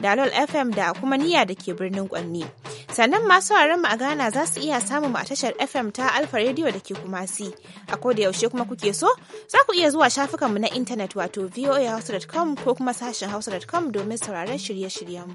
dalol fm da kuma niyya da ke birnin kwanni sannan masu mu a ghana za su iya samun mu a tashar fm ta alfa radio da ke kumasi a ko da yaushe kuma kuke so za ku iya zuwa shafukanmu na intanet wato voahouse.com ko kuma sashen hausa.com domin sauraron shirye-shiryen mu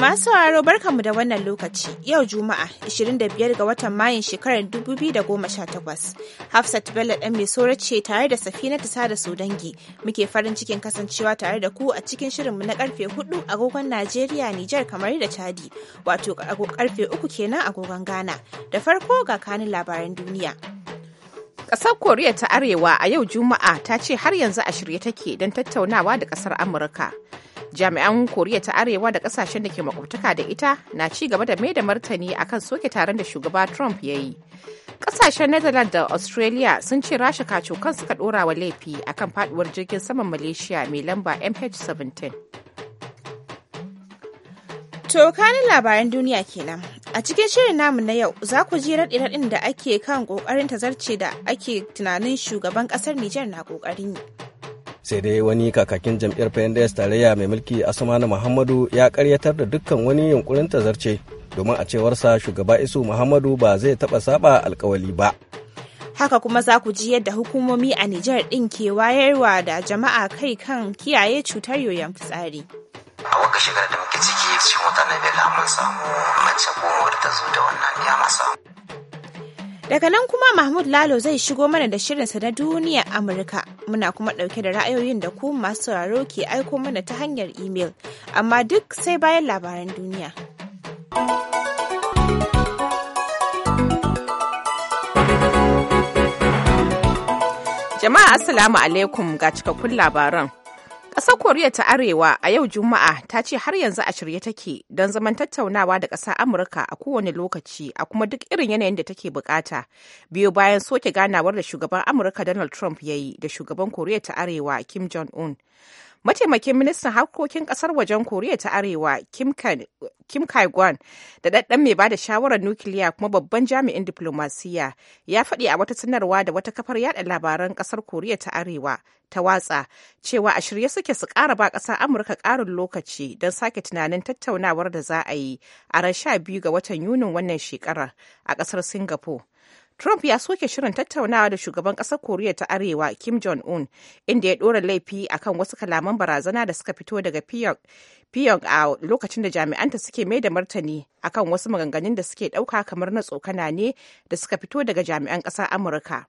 Masu sauraro barkanmu da wannan lokaci yau Juma'a 25 ga watan Mayun shekarar 2018. Hafsat Bello ɗan mai ce tare da safina ta sada su dangi muke farin cikin kasancewa tare da ku a cikin shirinmu na karfe 4 agogon Najeriya Nijar kamar da Chadi wato karfe 3 kenan agogon Ghana. Da farko ga kanin labaran duniya. Ƙasar Koriya ta Arewa a yau Juma'a ta ce har yanzu a shirye take don tattaunawa da ƙasar Amurka. jami'an koriya ta arewa da kasashen da ke makwabtaka da ita na ci gaba da mai da martani akan soke taron da shugaba trump ya yi kasashen netherlands da australia sun ce rasha kacokan suka dora wa laifi akan faduwar jirgin saman malaysia mai lamba mh17 To kanin labaran duniya kenan. A cikin shirin namu na yau za ku ji raɗi-raɗin da ake kan ƙoƙarin tazarce da ake tunanin shugaban ƙasar Nijar na ƙoƙarin yi. sai dai wani kakakin jam'iyyar pnds tarayya mai mulki asmanu muhammadu ya karyatar da dukkan wani yunkurin tazarce domin a cewarsa shugaba isu muhammadu ba zai taba saba alkawali ba haka kuma za ku ji yadda hukumomi a nijar ɗin ke wayarwa da jama'a kai kan kiyaye cutar yoyon fitsari a waka shigar da muke ciki cikin wata na biyar mun samu mace goma da ta zo da wannan ya masa Daga nan kuma Mahmud Lalo zai shigo mana da shirinsa na duniyar Amurka. Muna kuma ɗauke da ra'ayoyin da ku masu sauraro ke aiko mana ta hanyar imel. Amma duk sai bayan labaran duniya. Jama'a Assalamu alaikum ga cikakkun labaran. Ƙasar Koriya ta Arewa a yau Juma'a ta ce har yanzu a shirye take don zaman tattaunawa da ƙasar Amurka a kowane lokaci a kuma duk irin yanayin da take bukata. Biyo bayan soke ganawar da shugaban Amurka Donald Trump ya yi da shugaban Koriya ta Arewa Kim Jong-un. mataimakin ministan harkokin kasar wajen koriya ta arewa kim kai-gwan da ɗaɗɗan mai bada shawarar nukiliya kuma babban jami'in diplomasiya ya faɗi a wata sanarwa da wata kafar yada labaran kasar koriya ta arewa ta watsa cewa a shirye suke su ƙara ba ƙasar amurka ƙarin lokaci don sake tunanin tattaunawar da za a yi a ran sha biyu ga watan yunin wannan shekarar a ƙasar singapore Trump ya soke shirin tattaunawa da shugaban ƙasar Koriya ta Arewa Kim Jong-un, inda ya ɗora laifi akan wasu kalaman barazana da suka fito daga Pyongyang a lokacin da jami'anta suke mai da martani akan wasu maganganun da suke ɗauka kamar na tsokana ne da suka fito daga jami'an ƙasar Amurka.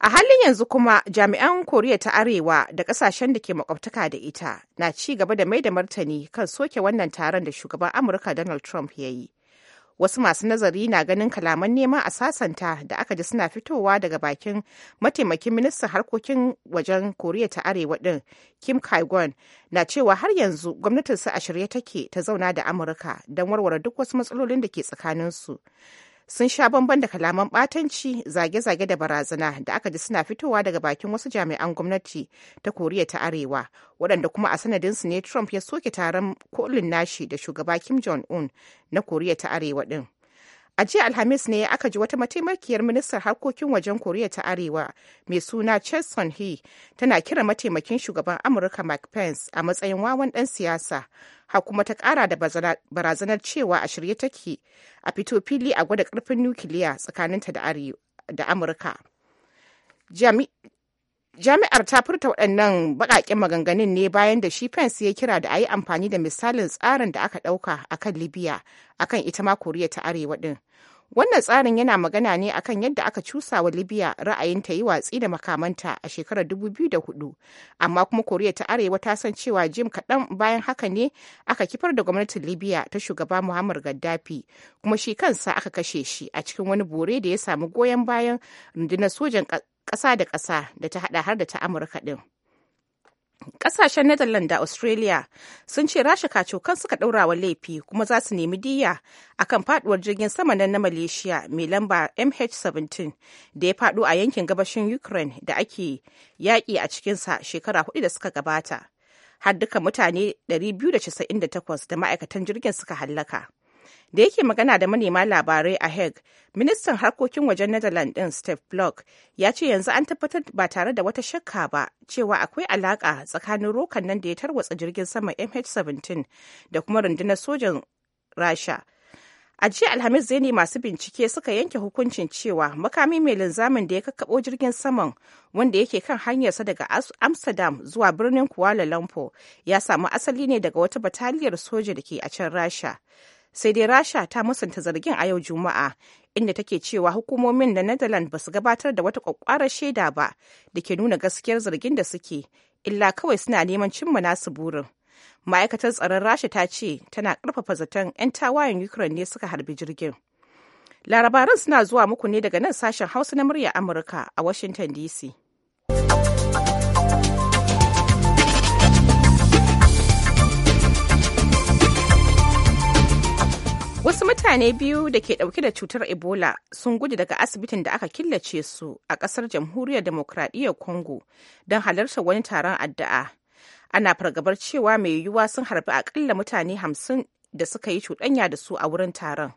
A halin yanzu kuma jami'an Koriya ta Arewa da kasashen da ke makwabtaka da ita na ci gaba da mai da martani kan soke wannan taron da shugaban Amurka Donald Trump ya yi. wasu masu nazari na ganin kalaman neman a sasanta da aka ji suna fitowa daga bakin mataimakin ministan harkokin wajen koriya ta arewa din kim kaigon na cewa har yanzu su a shirye take ta zauna da amurka don warware duk wasu matsalolin da ke tsakanin su. sun sha bamban da kalaman batanci zage-zage da barazana da aka ji suna fitowa daga bakin wasu jami'an gwamnati ta koriya ta arewa waɗanda kuma a sanadinsu ne trump ya soke taron kolin nashi da shugaba kim jong-un na koriya ta arewa ɗin. A jiya Alhamis ne aka ji wata mataimakiyar ministar harkokin wajen Koriya ta Arewa mai suna Cheson Hee tana kira mataimakin shugaban Amurka Mike Pence a matsayin wawan ɗan siyasa. Ha kuma ta kara da barazanar cewa a shirye take a fito fili a gwada karfin nukiliya tsakaninta da Amurka. Jami'ar ta furta waɗannan baƙaƙen maganganun ne bayan da shi Pence ya kira da a yi amfani da misalin tsarin da aka ɗauka a kan Libya a kan ita ma Koriya ta Arewa ɗin. Wannan tsarin yana magana ne akan yadda aka cusa wa Libya ra'ayin ta yi watsi da makamanta a shekarar 2004, amma kuma Koriya ta Arewa ta san cewa jim kaɗan bayan haka ne aka kifar da gwamnatin Libya ta shugaba Muhammad Gaddafi, kuma shi kansa aka kashe shi a cikin wani bore da ya samu goyon bayan rundunar sojan ƙasa da ƙasa da ta hada har da ta amurka ɗin Ƙasashen Netherlands da Australia sun ce rasha kacokan suka ɗaurawa wa laifi kuma za su nemi diya a kan faɗuwar jirgin sama na Malaysia mai lamba MH17 da ya faɗo a yankin gabashin Ukraine da ake yaƙi a cikinsa shekara hudu da suka gabata. Har duka mutane 298 da ma'aikatan jirgin suka hallaka. da yake magana da manema labarai a hague ministan harkokin wajen netherlands din steve block ya ce yanzu an tabbatar ba tare da wata shakka ba cewa akwai alaka tsakanin rokan nan da ya tarwatsa jirgin sama mh17 da kuma rundunar sojan rasha a jiya alhamis zaini masu bincike suka yanke hukuncin cewa makami mai linzamin da ya kakkaɓo jirgin saman wanda yake kan hanyarsa daga amsterdam zuwa birnin kuala lumpur ya samu asali ne daga wata bataliyar soja da ke a can rasha sai dai rasha ta musanta zargin a yau juma'a inda take cewa hukumomin na netherland ba su gabatar da wata kwakwarar shaida ba da ke nuna gaskiyar zargin da suke illa kawai suna neman cimma nasu burin ma'aikatar tsaron rasha ta ce tana karfafa zaton 'yan tawayen ukraine ne suka harbi jirgin larabaran suna zuwa muku ne daga nan sashen hausa na murya amurka a washington dc Wasu mutane biyu da ke ɗauke da cutar Ebola sun gudu daga asibitin da aka killace su a ƙasar Jamhuriyar Demokradiyyar Congo don halartar wani taron addu'a. Ana fargabar cewa mai yiwuwa sun harbi akalla mutane hamsin da suka yi cuɗanya da su a wurin taron.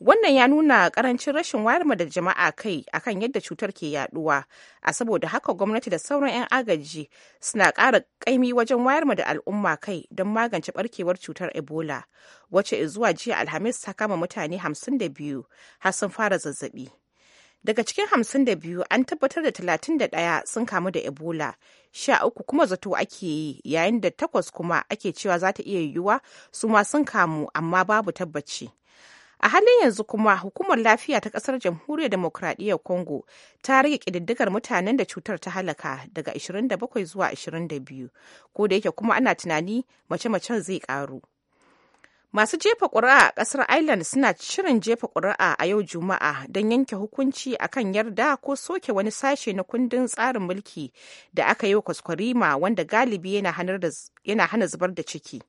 wannan ya nuna karancin rashin wayarwa da jama'a kai akan yadda cutar ke yaduwa a saboda haka gwamnati da sauran 'yan agaji suna ƙara kaimi wajen wayarwa da al'umma kai don magance barkewar cutar ebola wacce zuwa jiya alhamis ta kama mutane 52 har sun fara zazzabi daga cikin 52 an tabbatar da 31 sun kamu da ebola sha uku kuma zato ake yi yayin da takwas kuma ake cewa za ta iya yiwuwa su ma sun kamu amma babu tabbaci a halin yanzu kuma hukumar lafiya ta kasar jamhuriyar demokradiyyar congo ta rage ƙididdigar mutanen da cutar ta halaka daga 27 zuwa 22 ko da yake kuma ana tunani mace-macen zai ƙaru masu jefa ƙuri'a a ƙasar ireland suna shirin jefa ƙuri'a a yau juma'a don yanke hukunci a kan yarda ko soke wani sashe na kundin tsarin mulki da aka yi wa kwaskwarima wanda galibi yana hana zubar da ciki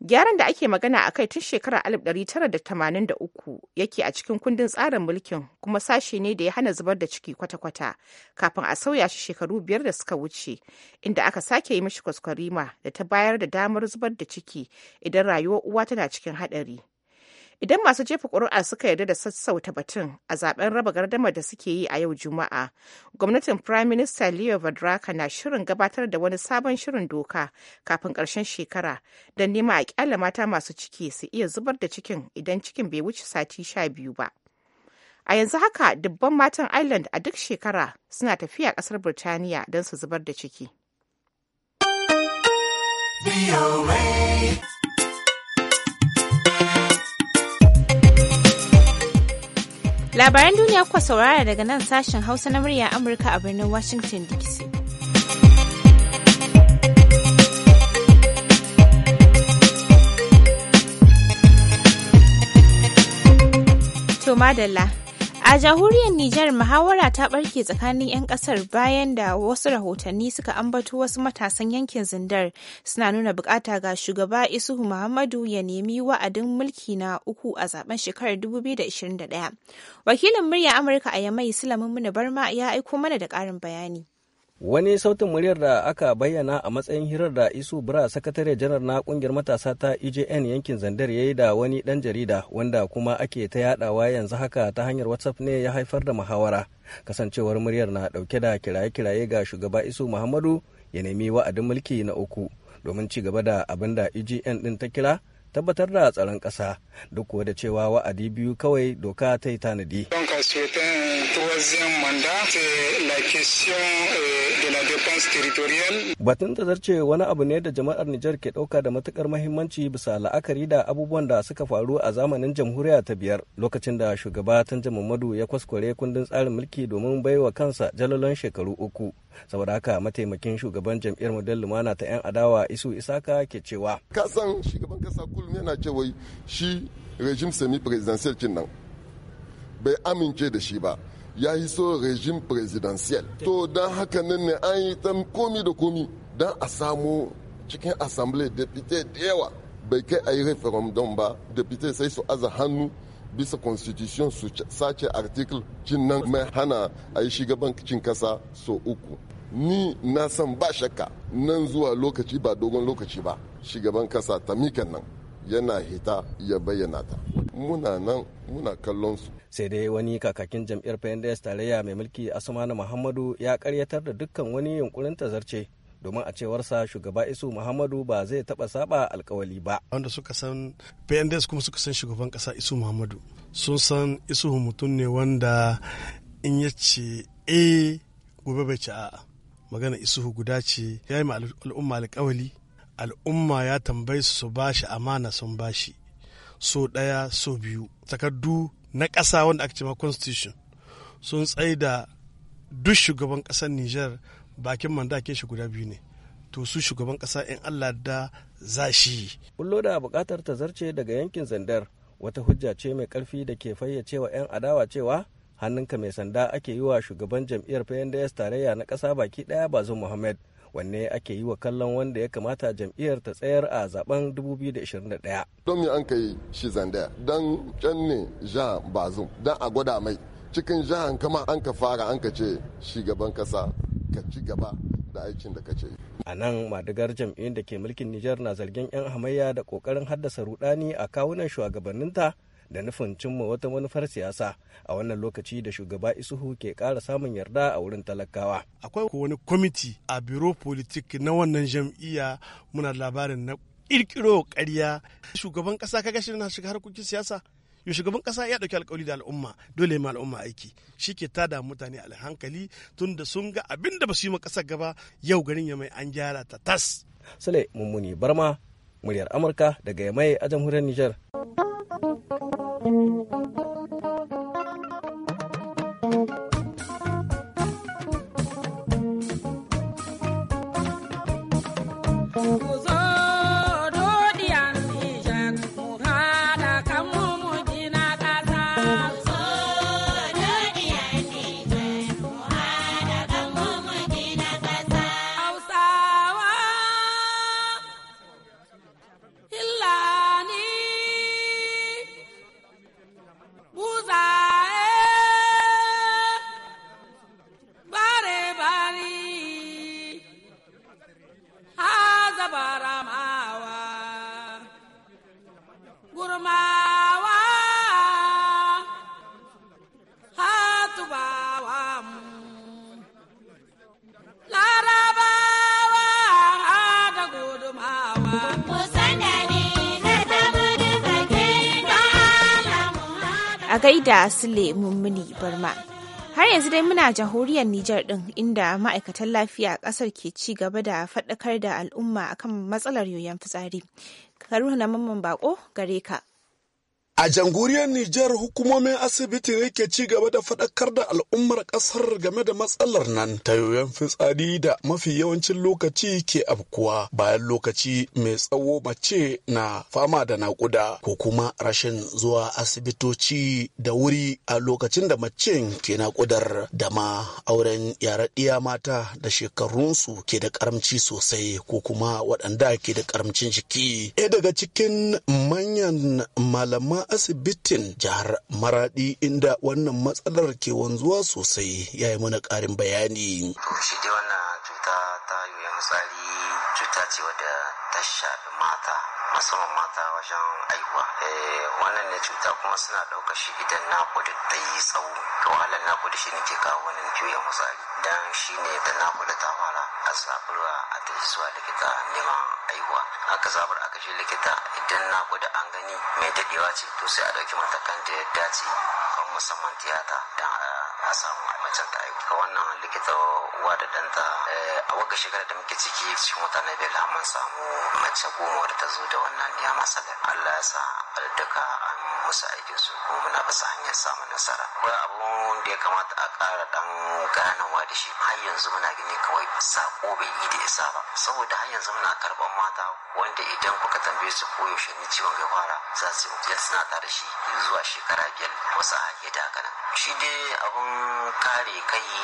Gyaran da ake magana a kai tun shekarar 1983 yake a cikin kundin tsarin mulkin kuma sashe ne da ya hana zubar da ciki kwata-kwata kafin a sauya shi shekaru biyar da suka wuce inda aka sake yi mishi kwaskwarima da ta bayar da damar zubar da ciki idan rayuwar uwa tana cikin haɗari. Idan masu jefa ƙuri'a suka yarda da sassauta batun a zaben raba gardamar da suke yi a yau Juma'a, gwamnatin Prime Minister Leo vadraka na shirin gabatar da wani sabon shirin doka kafin ƙarshen shekara don nema a ƙyala mata masu ciki su iya zubar da cikin idan cikin bai wuce sati sha biyu ba. A yanzu haka dubban matan Ireland a duk shekara suna tafiya ƙasar Birtaniya don su zubar da ciki. Labaran duniya kuka saurara daga nan sashen Hausa na murya Amurka a birnin Washington DC. To madalla A jamhuriyar Nijar muhawara ta barke tsakanin 'yan kasar bayan da wasu rahotanni suka ambato wasu matasan yankin Zindar suna nuna bukata ga shugaba Isuhu Muhammadu ya nemi wa'adin mulki na uku a zaben shekarar 2021. Wakilin murya Amurka a Yamai Sulaiman Muna Barma ya aiko mana da ƙarin bayani. Wani sautin muryar da aka bayyana a matsayin hirar da Isu Bura sakatare janar na kungiyar matasa ta EJN yankin Zandar ya yi da wani dan jarida wanda kuma ake ta yadawa yanzu haka ta hanyar WhatsApp ne ya haifar da muhawara. Kasancewar muryar na ɗauke da kiraye-kiraye ga shugaba Isu Muhammadu ya nemi wa'adin mulki na uku domin ci gaba da abin da EJN ɗin ta kira tabbatar da tsaron ƙasa duk da cewa wa'adi biyu kawai doka ta yi tanadi. Eh, Batun zarce wani abu ne da jama'ar Nijar ke ɗauka da matukar mahimmanci bisa la'akari da abubuwan da suka faru a zamanin jamhuriya ta biyar lokacin da shugaba Tanja Muhammadu ya kwaskware kundin tsarin mulki domin baiwa kansa jalolan shekaru uku. Saboda haka mataimakin shugaban jam'iyyar Model Lumana ta 'yan adawa Isu Isaka ke cewa. Kasan shugaban kasa kullum yana ce wai shi rejim semi presidential kin nan bai amince da shi ba ya yi so rejim presidential to don haka nan ne an yi tan komi da komi don a samu cikin assembly deputy da yawa bai kai a yi referendum ba deputy sai su aza hannu bisa constitution su sace article cin nan mai hana a yi cin kasa so uku ni na san ba shakka nan zuwa lokaci ba dogon lokaci ba shigaban kasa ta mikan nan yana hita ya bayyana ta muna nan muna kallon su sai dai wani kakakin jam'iyyar pnds tarayya mai mulki asmanu muhammadu ya karyatar da dukkan wani yunkurin tazarce domin a cewarsa shugaba isu muhammadu ba zai taba saba alkawali ba wanda suka san pnds kuma suka san shugaban kasa isu muhammadu sun san isu mutum ne wanda in ya ce e gobe bai ci a'a magana isu guda ce ya yi ma al'umma alkawali al'umma ya tambayi su su bashi amana sun bashi so ɗaya so biyu takardu na ƙasa wanda aka cewa constitution sun da duk shugaban ƙasar niger bakin mandakin shi guda biyu ne to su shugaban ƙasa in allah da za shi kullo da buƙatar ta zarce daga yankin zandar wata hujja ce mai ƙarfi da ke fayyacewa 'yan adawa cewa hannunka mai sanda ake yi wa shugaban jam'iyyar pnds tarayya na ƙasa baki ɗaya bazin muhammad wanne ake yi wa kallon wanda ya kamata jam'iyyar ta tsayar a zaben 2021 don me an kai shi zandaya don can ne bazum don a gwada mai cikin jihar kama an ka fara an ka ce shugaban kasa ka ci gaba da aikin da ce a nan madigar jam'iyyar da ke mulkin nijar na zargin 'yan hamayya da kokarin haddasa rudani a kawunan shugabanninta da nufin cimma wata manufar siyasa a wannan lokaci da shugaba isuhu ke kara samun yarda a wurin talakawa akwai wani kwamiti a biro politik na wannan jam'iyya muna labarin na kirkiro ƙarya shugaban ƙasa kaga shi na shiga harkokin siyasa yo shugaban kasa ya dauki alkawari da al'umma dole ma al'umma aiki shi ke tada mutane alhankali tun da sun ga abin da ba su yi ma kasar gaba yau garin ya mai an gyara ta tas sule mummuni barma muryar amurka daga yamai a jamhuriyar nijar. Thank you. gaida Sule Mummuni Barma. Har yanzu dai muna jamhuriyar Nijar ɗin inda ma'aikatan lafiya a ƙasar ke ci gaba da faɗakar da al'umma akan matsalar yoyon fitsari. Karuna mamman bako gare ka. A jamhuriyar Nijar hukumomin asibiti ne ke ci gaba da faɗakar da al'ummar ƙasar game da matsalar nan ta yoyon fitsari da mafi yawancin lokaci ke afkuwa bayan lokaci mai tsawo mace na fama da naƙuda ko kuma rashin zuwa asibitoci da wuri a lokacin da mace ke naƙudar da ma auren yaraɗiya mata da shekarunsu ke da karamci sosai ko kuma waɗanda ke da karamcin jiki. daga cikin manyan malaman asibitin jihar maradi inda wannan matsalar ke wanzuwa sosai ya yi mana karin bayani shi dai wannan cuta ta yoyon misali, cuta ce wadda ta shafi mata musamman mata wajen aiwa eh, wannan ne cuta kuma suna ɗauka shi idan nakuda ta yi tsawo to wahalar nakuda shi ne ke kawo wannan yoyon misali. dan shi ne da nakuda ta fara a zaburwa a ta zuwa likita neman aihuwa aka zabar aka je likita idan nakuda an gani mai dadewa ce to sai a dauki matakan da ya dace kan musamman tiyata don a samu macen ta aihu wannan likita wa da danta eh, a waka shekara da muke ciki cikin mutane bela mun samu mace goma da ta zo da wannan ya masa Allah ya sa duka an musa aikin su kuma muna basa hanyar samun nasara ko abu da ya kamata a ƙara ɗan ganawa da shi har yanzu muna gani kawai sako bai yi da isa ba saboda har yanzu muna karɓar mata wanda idan kuka tambaye su ko yaushe ni ciwon ya fara za su yi suna tare shi zuwa shekara biyar wasu a yi dakana shi dai abun kare kai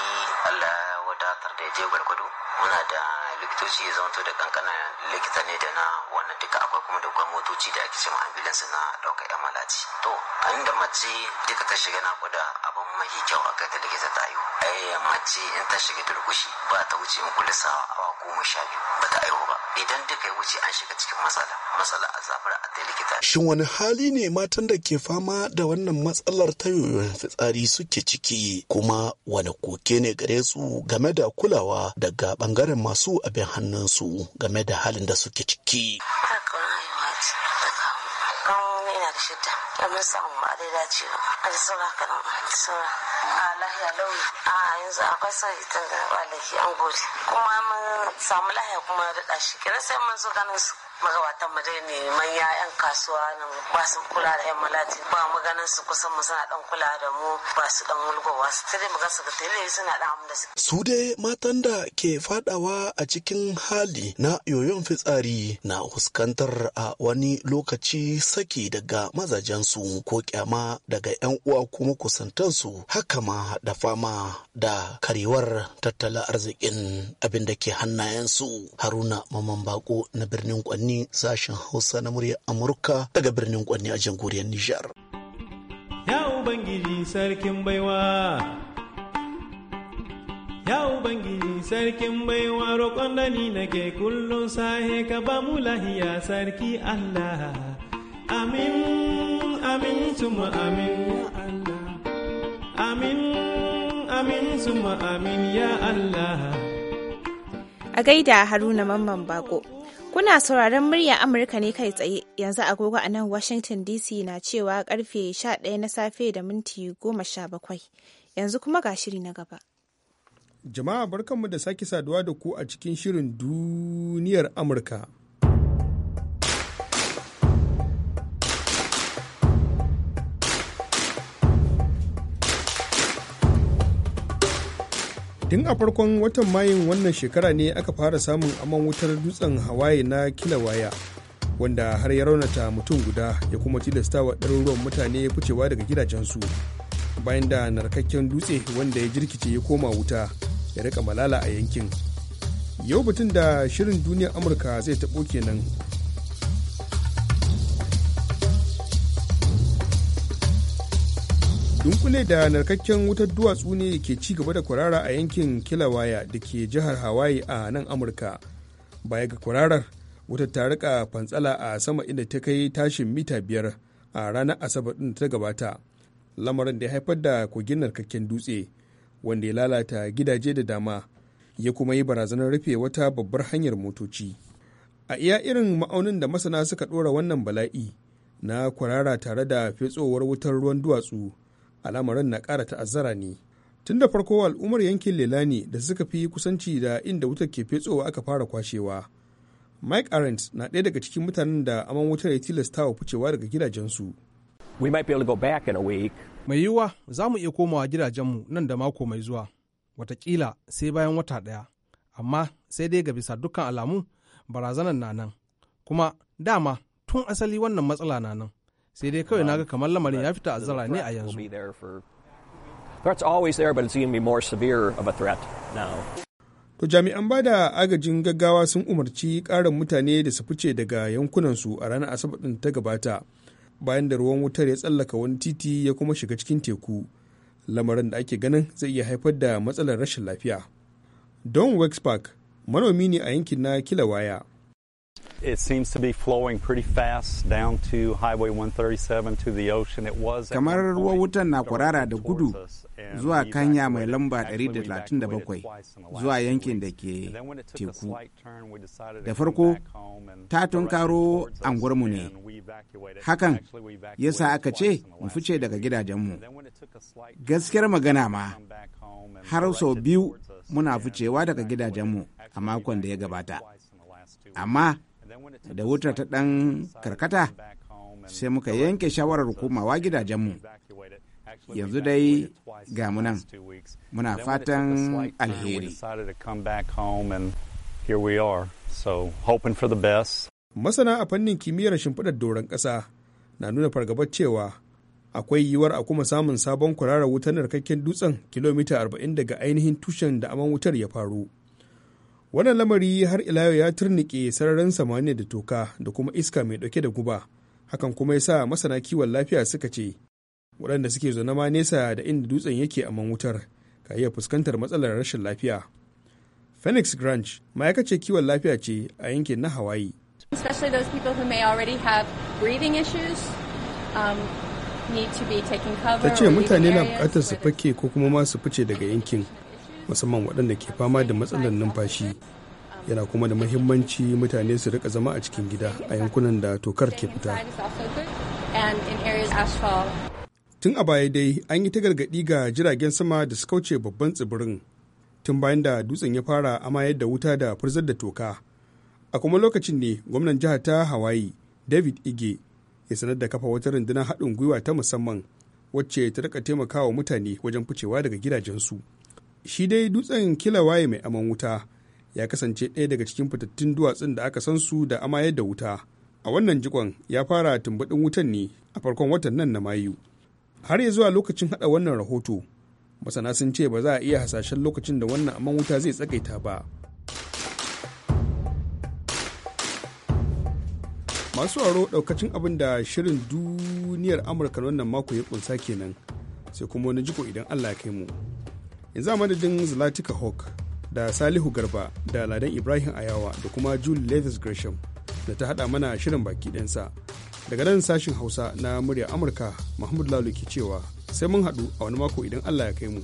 Allah wadatar da ya je gwargwado muna da likitoci ya zamanto da kankana likita ne da na wannan duka akwai kuma da kuma motoci da ake cewa ambulance na ɗaukar yan malaci to a inda mace duka ta shiga nakuda, abin mafi kyau a ta likita ta yi ai mace in ta shiga durkushi ba ta wuce in kulisa awa goma sha biyu ba ta aihu ba idan duka ya wuce an shiga cikin matsala masala a zafara a likita. Shin wani hali ne matan da ke fama da wannan matsalar ta yoyon fitsari suke ciki kuma wani koke ne gare su game da kulawa daga bangaren masu abin hannunsu game da halin da suke ciki. ina da shidda. da mun samu a dai dace a da saura kanan saura a lahiya lauyi a yanzu akwai sai tun da walaki an gode kuma mun samu lahiya kuma da shi kira sai mun zo ganin su magabatan mu dai ne manya yan kasuwa nan ba su kula da yan malati ba mu ganin su kusan mu suna dan kula da mu ba su dan mulgowa su tare mu ga su ga tele suna dan amma su su dai matan da ke fadawa a cikin hali na yoyon fitsari na huskantar a wani lokaci saki daga mazajen su ko kyama daga 'yan uwa kuma makusantansu haka ma da fama da karewar tattalin arzikin abin da ke hannayensu haruna maman bako na birnin kwanni sashen hausa na muryar amurka daga birnin kwanni a jamhuriyar nijar ya ubangiji sarkin baiwa Ya Ubangiji sarkin baiwa roƙon da ni nake kullum sahe ka ba mu lahiya sarki Allah. Amin, amin, suma amin, ya Allah. Amin, amin, suma amin, ya Allah. A gaida Haruna Mamman Bako. Kuna sauraron murya Amurka ne kai tsaye yanzu agogo a nan Washington DC na cewa karfe 11 na safe da minti 17. Yanzu kuma ga shiri na gaba. Jama'a barkanmu da sake saduwa da ku a cikin shirin duniyar Amurka. tun a farkon watan mayun wannan shekara ne aka fara samun aman wutar dutsen hawaii na kilawaya wanda har ya raunata mutum guda ya kuma tilasta wa ɗaruruwan mutane ficewa daga gidajensu bayan da narkakken dutse wanda ya jirkice ya koma wuta ya rika malala a yankin yau batun da shirin duniyar amurka zai taɓo kenan dunkule da narkakken wutar duwatsu ne ke ci gaba da kwarara a yankin kilawaya da ke jihar hawaii a nan amurka baya ga kwararar wutar ta rika fantsala a sama inda ta kai tashin mita biyar a ranar asabar din ta gabata lamarin da ya haifar da kogin narkakken dutse wanda ya lalata gidaje da dama ya kuma yi barazanar rufe wata babbar hanyar motoci a iya irin ma'aunin da masana suka ɗora wannan bala'i na kwarara tare da fetsowar wutar ruwan duwatsu al'amarin na ƙara ta'azzara ne tun da farko al'ummar yankin lelani da suka fi kusanci da inda wutar ke fetsowa aka fara kwashewa mike arendt na ɗaya daga cikin mutanen da aman wutar ya tilasta wa ficewa daga gidajensu mai yiwuwa za mu iya komawa gidajenmu nan da mako mai zuwa watakila sai bayan wata ɗaya amma sai dai ga bisa dukkan alamu barazanar na nan kuma dama tun asali wannan matsala na nan sai dai kawai naga kamar lamarin ya fita azara ne a yanzu threat's always to jami'an bada agajin gaggawa sun umarci karin mutane da su fice daga yankunansu a ranar asabar din ta gabata bayan da ruwan wutar ya tsallaka wani titi ya kuma shiga cikin teku lamarin da ake ganin zai iya haifar da matsalar rashin lafiya don wexpark manomi ne a yankin na kila waya. Kamar ruwan wutan na kwarara da gudu zuwa kanya mai lamba 137 zuwa yankin da ke teku. Da farko, ta tunkaro anguwarmu ne. Hakan ya sa aka ce mu fice daga gidajenmu. Gaskiyar magana ma, har sau biyu muna ficewa daga gidajenmu a makon da ya gabata. amma da wuta ta ɗan karkata sai muka yanke shawarar komawa gidajenmu yanzu dai ga munan muna fatan alheri masana a fannin kimiyyar shimfiɗar doron ƙasa na nuna fargabar cewa akwai yiwuwar a kuma samun sabon kwararar wutar narkakken dutsen kilomita 40 daga ainihin tushen da aman wutar ya faru wannan lamari har ila yau ya turnike sararin samaniya da toka da kuma iska mai dauke da guba hakan kuma ya sa masana kiwon lafiya suka ce waɗanda suke zaune ma nesa da inda dutsen yake a man wutar ka iya fuskantar matsalar rashin lafiya phoenix grange ma'aikaciyar kiwon lafiya ce a yankin na hawaii especially those people who may already have breathing issues um, ta ce mutane na bukatar su fake ko kuma ma su fice daga yankin musamman waɗanda ke fama da matsalar numfashi yana kuma da mahimmanci mutane su rika zama a cikin gida a yankunan da tokar ke fita tun a baya dai an yi ta gargaɗi ga jiragen sama da su kauce babban tsibirin tun bayan da dutsen ya fara amayar da wuta da furzar da toka a kuma lokacin ne gwamnan jihar ta hawaii david ige ya sanar da kafa wata rundunar haɗin gwiwa ta musamman wacce ta rika taimakawa mutane wajen ficewa daga gidajensu. shi dai dutsen Kila kilawaye mai aman wuta ya kasance ɗaya daga cikin fitattun duwatsun da aka san su da amayar da wuta a wannan jikon ya fara tumbaɗin wutan ne a farkon watan nan na mayu har ya zuwa lokacin haɗa wannan rahoto masana sun ce ba za a iya hasashen lokacin da wannan aman wuta zai tsakaita ba masu aro ɗaukacin abin da shirin duniyar amurka wannan mako ya kunsa kenan sai kuma wani jiko idan allah ya kai mu yanzu a madadin zlatika hawk da salihu garba da ladan ibrahim ayawa da kuma julie levis gresham da ta hada mana shirin baki ɗansa daga nan sashin hausa na murya amurka mahmud lalu ke cewa sai mun haɗu a wani mako idan allah ya kai mu.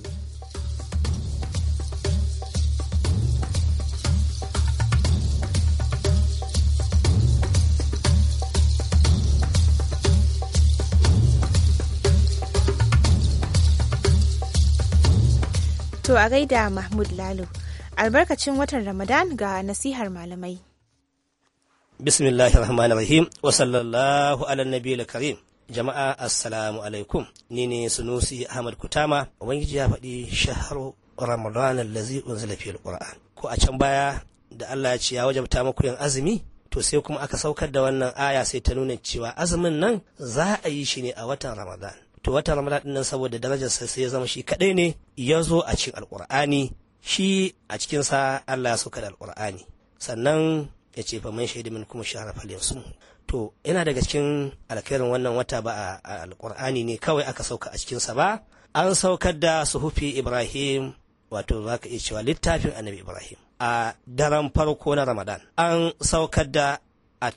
To a gaida Mahmud Lalo, albarkacin watan Ramadan ga nasihar malamai. Bismillahir Rahmanir Rahim wa sallallahu ala nabiyil karim. Jama'a assalamu alaikum. Ni ne Sunusi Ahmad Kutama, Ubangiji ya faɗi shaharu Ramadan allazi unzila fil Qur'an. Ko a can baya da Allah ya ce ya wajabta muku yin azumi to sai kuma aka saukar da wannan aya sai ta nuna cewa azumin nan za a yi shi ne a watan Ramadan. to wata ramadan din nan saboda darajar sa sai ya zama shi kadai ne ya zo a cikin alqur'ani shi a cikin sa Allah ya sauka da alqur'ani sannan ya ce fa man shaidu min kuma shahara fal to yana daga cikin alkhairin wannan wata ba a alqur'ani ne kawai aka sauka a cikin sa ba an saukar da suhufi Ibrahim wato zaka iya cewa littafin annabi Ibrahim a daren farko na Ramadan an saukar da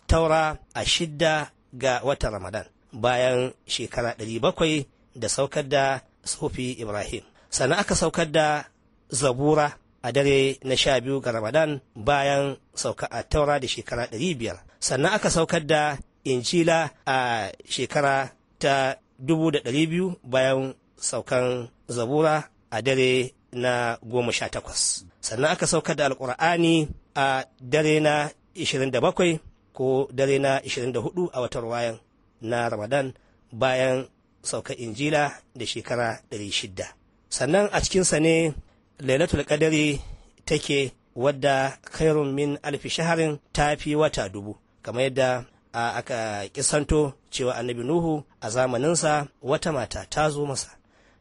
taura a shidda ga watan Ramadan bayan shekara ɗari bakwai da saukar da sufi ibrahim sannan aka saukar da zabura a dare na sha biyu ga ramadan bayan sauka a taura da shekara ɗari biyar sannan aka saukar da injila a shekara ta dubu da ɗari biyu bayan saukan zabura a dare na goma sha takwas sannan aka saukar da alkur'ani a dare na ishirin da bakwai ko dare na ishirin da hudu a watan wayan na ramadan bayan sauka injila da shekara 600 sannan a cikinsa ne lailatul kadari take wadda kairun min alfi shaharin ta fi wata dubu kamar yadda aka kisanto cewa annabi nuhu a zamaninsa wata mata ta zo masa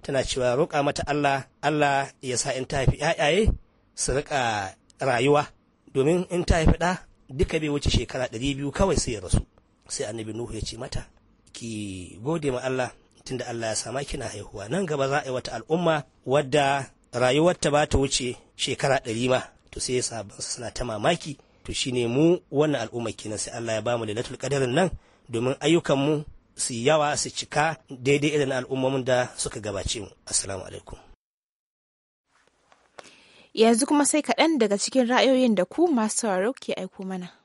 tana cewa roƙa mata allah allah ya sa in ta haifi ‘ya'yaye su riƙa rayuwa domin in ta fi ɗa duka bai wuce shekara ɗari biyu kawai sai ya rasu sai annabi nuhu ya ce mata ki gode ma Allah tunda Allah ya sama kina haihuwa nan gaba za a yi wata al'umma wadda rayuwarta ba ta wuce shekara ɗari ma to sai ya sa suna ta mamaki to shine mu wannan al'umma kenan sai Allah ya bamu lailatul qadarin nan domin ayyukan mu su yawa su cika daidai irin al'ummomin da suka gabace mu assalamu alaikum yanzu kuma sai kaɗan daga cikin ra'ayoyin da ku masu sauraro ke aiko mana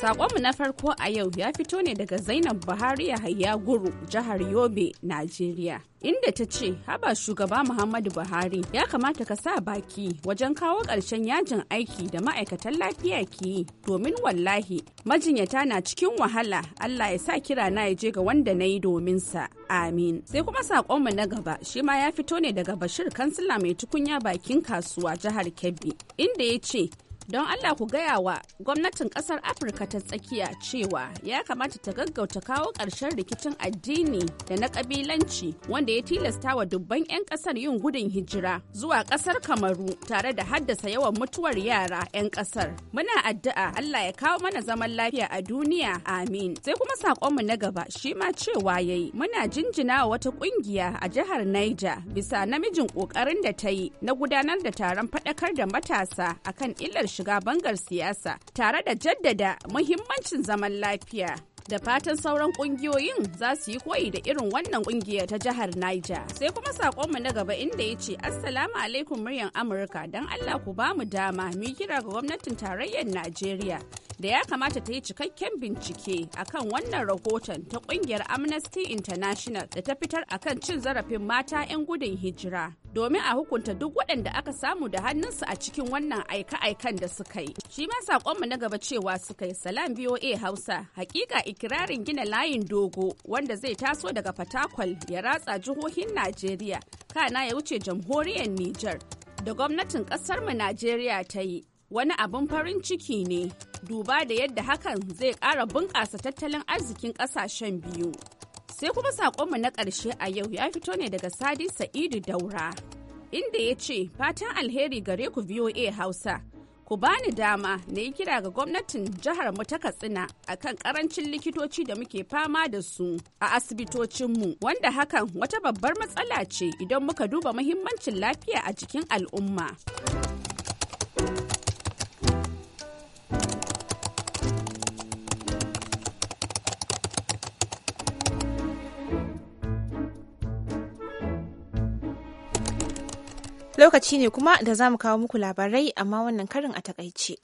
Sakonmu na farko a yau ya fito ne daga Zainab Buhari Yahaya Guru, jihar Yobe, Najeriya. Inda ta ce, haba shugaba Muhammadu Buhari ya kamata ka sa baki wajen kawo ƙarshen yajin aiki da ma'aikatan lafiya ke yi domin wallahi majinyata na cikin wahala Allah ya sa kira na ya je ga wanda na yi domin sa. Amin. Sai kuma sakonmu na gaba shi ma ya fito ne daga Bashir Kansila mai tukunya bakin kasuwa jihar Kebbi inda ya ce don Allah ku gaya wa gwamnatin kasar Afirka ta tsakiya cewa ya kamata ta gaggauta kawo ƙarshen rikicin addini da na ƙabilanci wanda ya tilasta wa dubban 'yan ƙasar yin gudun hijira zuwa ƙasar Kamaru tare da haddasa yawan mutuwar yara 'yan ƙasar. Muna addu'a Allah ya kawo mana zaman lafiya a duniya amin. Sai kuma saƙonmu na gaba shi ma cewa yayi muna jinjina wa wata ƙungiya a jihar Niger bisa namijin ƙoƙarin da ta yi na gudanar da taron faɗakar da matasa akan illar shiga bangar siyasa tare da jaddada muhimmancin zaman lafiya. da fatan sauran kungiyoyin za su yi koyi da irin wannan kungiyar ta jihar Niger. Sai kuma sakonmu na gaba inda ya ce Assalamu alaikum muryan Amurka don Allah ku ba mu dama mu kira ga gwamnatin tarayyar Najeriya. Da ya kamata ta yi cikakken bincike akan wannan rahoton ta kungiyar Amnesty International da ta fitar akan cin zarafin mata 'yan gudun hijira. domin a hukunta duk waɗanda aka samu da hannunsu a cikin wannan aika-aikan da suka yi. Shi ma saƙonmu na gaba cewa suka yi salam BOA Hausa hakika ikirarin gina layin dogo wanda zai taso daga Fatakwal ya ratsa jihohin Najeriya kana ya wuce jamhuriyar Nijar da gwamnatin ƙasarmu Najeriya ta yi. Wani abin farin ciki ne, duba da yadda hakan zai ƙara bunƙasa tattalin arzikin ƙasashen biyu. Sai kuma saƙonmu na ƙarshe a yau ya fito ne daga Sadi Sa'idu Daura, inda ya ce fatan alheri gare ku VOA Hausa. Ku bani dama na yi kira ga gwamnatin jihar mu ta Katsina akan karancin likitoci da muke fama da su a asibitocinmu wanda hakan wata babbar matsala ce idan muka duba muhimmancin lafiya a cikin al'umma. Lokaci ne kuma da za mu kawo muku labarai amma wannan karin a takaice.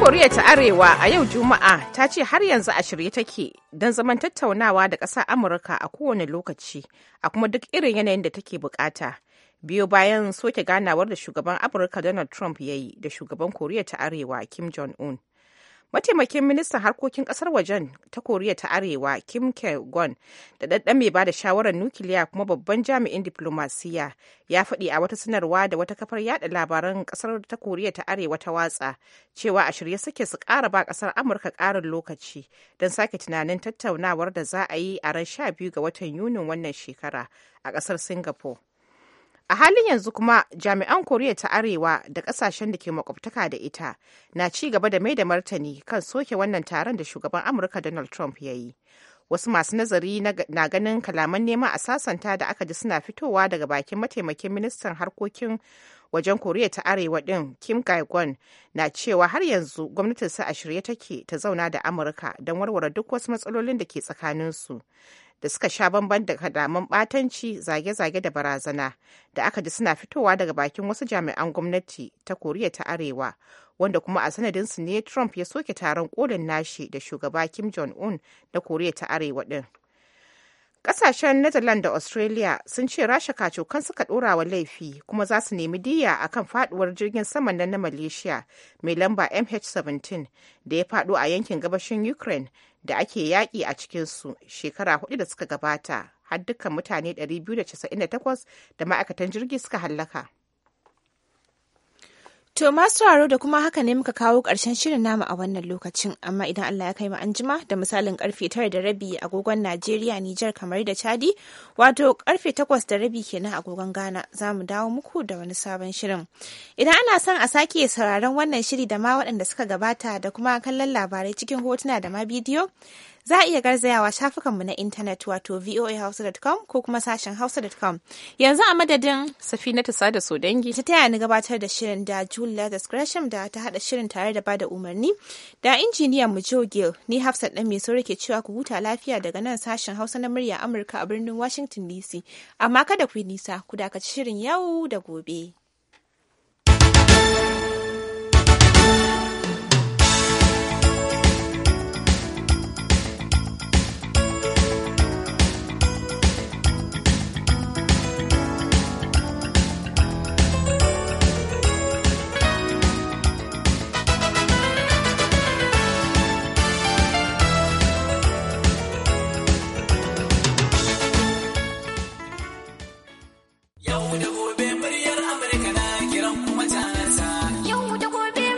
koriya ta arewa a yau juma'a ta ce har yanzu a shirye take don zaman tattaunawa da ƙasar amurka a kowane lokaci a kuma duk irin yanayin da take bukata biyo bayan soke ganawar da shugaban amurka donald trump ya yi da shugaban koriya ta arewa kim jong-un mataimakin ministan harkokin kasar wajen ta koriya ta arewa kim kye-gon da ɗaɗɗan mai ba da shawarar nukiliya kuma babban jami'in diplomasiya ya faɗi a wata sanarwa da wata kafar yada labaran kasar ta koriya ta arewa ta watsa cewa a shirye suke su ƙara ba kasar amurka ƙarin lokaci don sake tunanin tattaunawar da za a yi a ran sha biyu ga watan yunin wannan shekara a kasar singapore A halin yanzu kuma jami'an Koriya ta Arewa da kasashen da ke makwabtaka da ita na ci gaba da mai da martani kan soke wannan taron da shugaban Amurka Donald Trump ya yi. Wasu masu nazari na ganin kalaman nema a sasanta da aka ji suna fitowa daga bakin mataimakin ministan harkokin wajen Koriya ta Arewa din Kim Gaegon na cewa har yanzu gwamnatinsa a shirye take ta zauna da Amurka don warware duk wasu matsalolin da ke tsakaninsu. da suka sha bamban da kadaman batanci zage-zage da barazana da aka ji suna fitowa daga bakin wasu jami'an gwamnati ta koriya ta arewa wanda kuma a sanadinsu ne trump ya soke taron kolin nashi da shugaba kim jong-un na koriya ta arewa din Ƙasashen Netherlands da Australia sun ce rasha kacokan suka ɗora wa laifi kuma za su nemi diya a kan faɗuwar jirgin saman nan na Malaysia mai lamba MH17 da ya faɗo a yankin gabashin Ukraine da ake yaƙi a cikinsu shekara hudu da suka gabata har dukkan mutane 298 da ma'aikatan jirgi suka hallaka. To masu raro da kuma haka ne muka kawo ƙarshen shirin namu a wannan lokacin, amma idan Allah ya kai mu anjima da misalin karfe tara da rabi agogon Najeriya, Nijar kamar da Chadi, wato karfe takwas da rabi kenan agogon Ghana za mu dawo muku da wani sabon shirin. Idan ana son a sake sauraron wannan shiri da ma waɗanda suka gabata da kuma kallon labarai cikin hotuna da ma bidiyo, za a iya garzayawa shafukanmu na intanet wato voahausa.com ko kuma sashen hausa.com. Yanzu a madadin Safinatu Sada Sodangi ta taya ni gabatar da shirin da da Gresham da ta hada shirin tare da bada umarni da injiniyan mu Joe Gill ni Hafsat ɗan mai ke cewa ku huta lafiya daga nan sashen Hausa na murya Amurka a birnin Washington DC amma kada ku yi nisa ku dakaci shirin yau da gobe.